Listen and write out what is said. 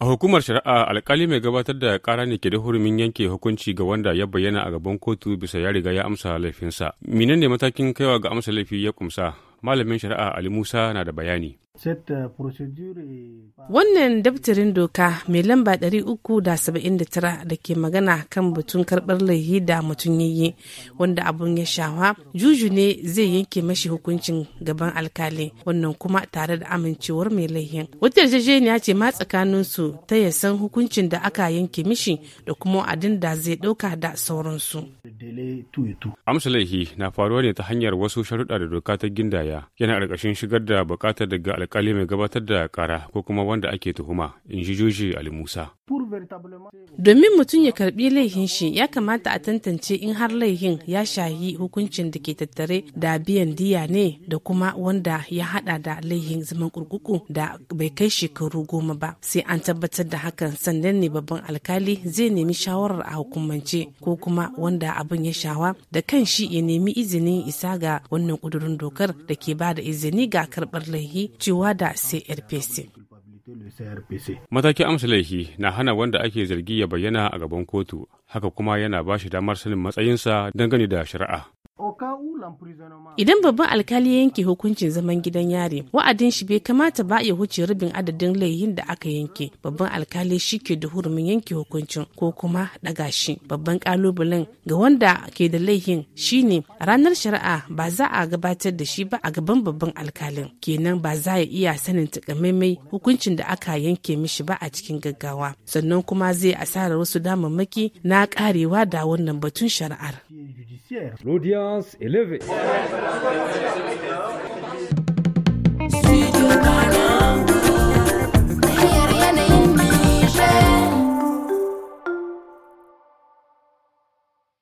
A hukumar shari'a alkali mai gabatar da kara ne ke da hurumin yanke hukunci ga wanda ya bayyana a gaban kotu bisa ya riga ya amsa laifinsa. ne matakin kaiwa ga amsa laifi ya kumsa? Malamin shari'a Ali Musa na da bayani. E wannan daftarin doka mai lamba 379 da ke magana kan batun karbar laihi da mutum yayi wanda abun ya shawa juju ne zai yanke mashi hukuncin gaban alkali wannan kuma tare da amincewar mai laihin. Wata yarjejeniya ce ma tsakanin su ta ya san hukuncin da aka yanke mishi da kuma adin da zai ɗauka da sauransu. Amsa laihi na faruwa ne ta hanyar wasu sharuɗa da doka ta gindaya yana ƙarƙashin shigar da buƙatar daga alkali mai gabatar da ƙara ko kuma wanda ake tuhuma in ji joji ali musa Domin mutum ya karbi laihin shi ya kamata a tantance in har laihin ya shahi hukuncin da ke tattare da biyan diya ne da kuma wanda ya hada da laihin zaman kurkuku da bai kai shekaru goma ba sai an tabbatar da hakan sannan ne babban alkali zai nemi shawarar a hukumance ko kuma wanda abin ya shawa da kan shi ya nemi izinin isa ga wannan kudurin dokar da ke ba da izini ga karbar laihi cewa da CRPC. Matakin amsa laifi na hana wanda ake zargi ya bayyana a gaban kotu, haka kuma yana ba shi damar sanin matsayinsa dangane da shari'a. Idan babban alkali ya yanke hukuncin zaman gidan yari, wa'adin shi bai kamata ba ya wuce rubin adadin laihin da aka yanke. Babban alkali shi ke da hurumin yanke hukuncin ko kuma daga shi. Babban kalubalen ga wanda ke da laihin shi ne ranar shari'a ba za a gabatar da shi ba a gaban babban alkalin. Kenan ba za ya iya sanin takamaimai hukuncin da aka yanke mishi ba a cikin gaggawa. Sannan kuma zai asarar wasu damammaki na karewa da wannan batun shari'ar. L'audience est levée.